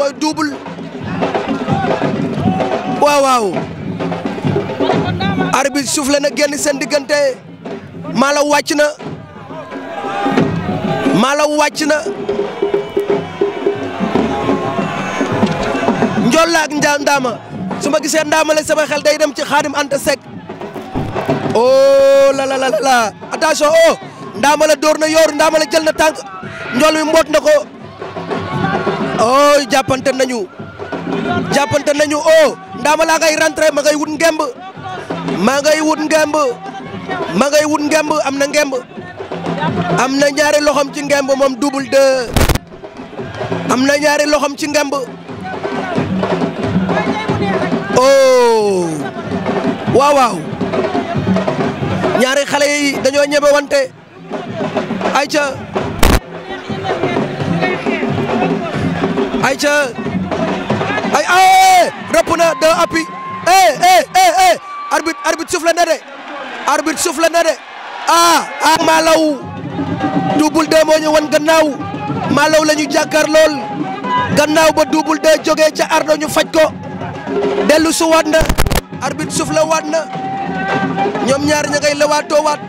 booy double waaw waaw arbitre soufflé na génn seen diggante maalaw wàcc na maalaw wàcc na njool la ak ndaama su ma gisee ndaama la sama xel day dem ci xaadim anta sek oh la la la la attention oh ndaama la dóor na yor ndaama la jël na tànk njool mi mboot na ko oh jàppante nañu jàppante nañu oh Ndama laa ngay rentré ma ngay wut ngemb ma ngay wut ngemb ma wut ngemb am na ngemb am na ñaari loxom ci ngemb moom double na ñaari loxom ci ngemb oh waaw waaw ñaari xale yi dañoo ñebe wante ayca ay ca ay ah rëpp na deux appui eh eh eh eh arbitre de arbitre souffle na de ah, ah Malaw Double Deux moo ñu wan gannaaw Malaw la jàkkaar lool gannaaw ba Double Deux jógee ca Ardo faj ko dellu su waat na arbitre souffle waat na ñoom ñaar ña ngay lewaatoo waat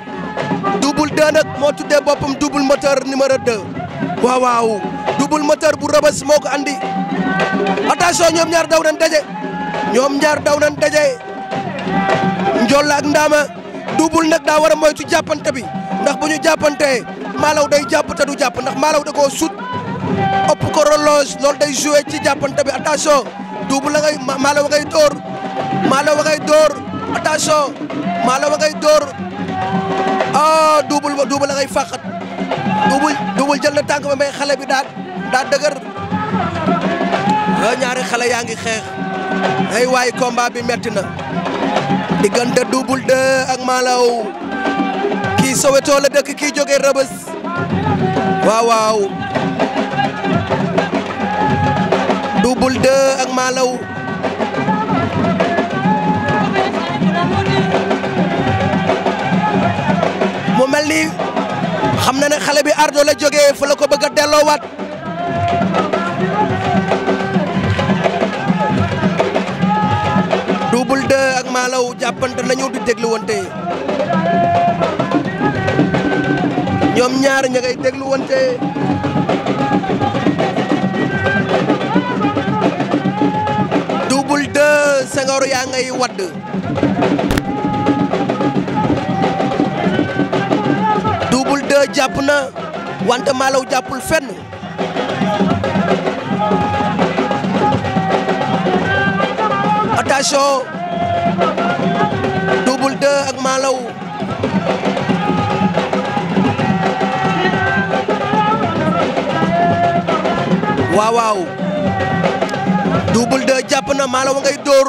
Double Deux nag moo tuddee boppam double moteur numéro 2 waaw waaw. Boul Moteur bu Rebeuss moo ko andi attention ñoom ñaar daw nañ daje ñoom ñaar daw nañ daje Ndiol ak Ndama Double nag daa war moytu jàppante bi ndax bu ñu jàppantee Malaw day jàpp te du jàpp ndax Malaw da koo sut ëpp day joué ci jàppante bi attention Double la ngay Malaw ngay dóor Malaw ngay dóor attention Malaw ngay dóor ah Double Double la ngay fàqat Double jël na tànk ba may xale bi daal. daa dëgër ñaari xale yaa ngi xeex ay waay combat bi metti na diggante Double 2 ak Malaw kii Soweto la dëkk kii jóge Rëbës waaw waaw Double 2 ak Malaw mu mel ni xam na ne xale bi ardo la jógee fa la ko bëgg a delloowaat Double 2 ak Malaw jàppante lañu di dégluwante ñoom ñaar ña ngay dégluwante Double 2 Senghor yaa ngay wadd Double 2 jàpp na wante Malaw jàppul fenn attention Double 2 ak Malaw waaw waaw Double 2 jàpp na Malaw ngay dóor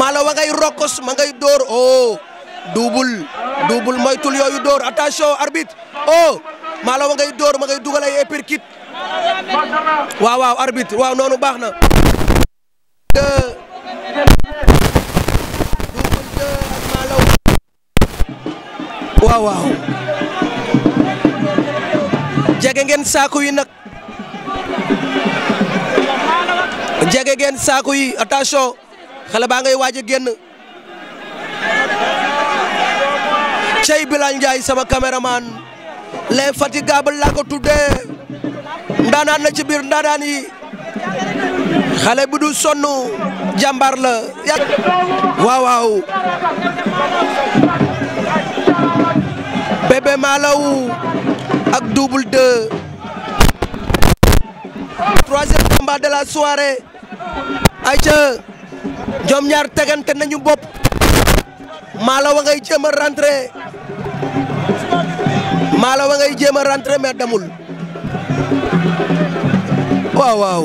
Malaw ngay rokkos ma ngay dóor oh Double Double moytul yooyu dóor attention arbitre oh maalo ma ngay dóor ma ngay dugal ay uppercut waaw waaw arbitre waaw noonu baax na waaw waaw jege ngeen saako yi nag jege ngeen saako yi attention xale baa ngay waaj a génn cey Bilal Ndiaye sama caméraman les fatigables laa ko tuddee ndaanaan la ci biir ndaanaan yi xale bu du sonn jàmbaar la waaw waaw bébé Malaw ak double deux troisième combat de la soirée ay ca jom ñaar tegante nañu bopp Malaw a ngay jéem a maalo ba ngay jéem a rentré mais demul waaw waaw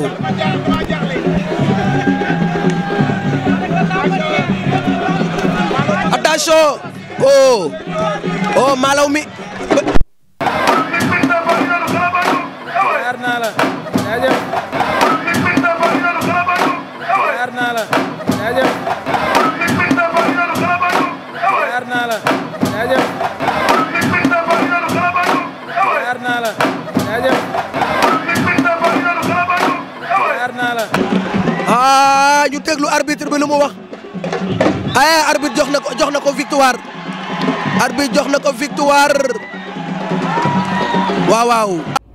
attention oh. oh, maalaw mi naa la. ah ñu déglu arbitre bi lu mu wax. ah arbitre jox na ko jox na ko victoire. arbitre jox na ko victoire. waaw waaw.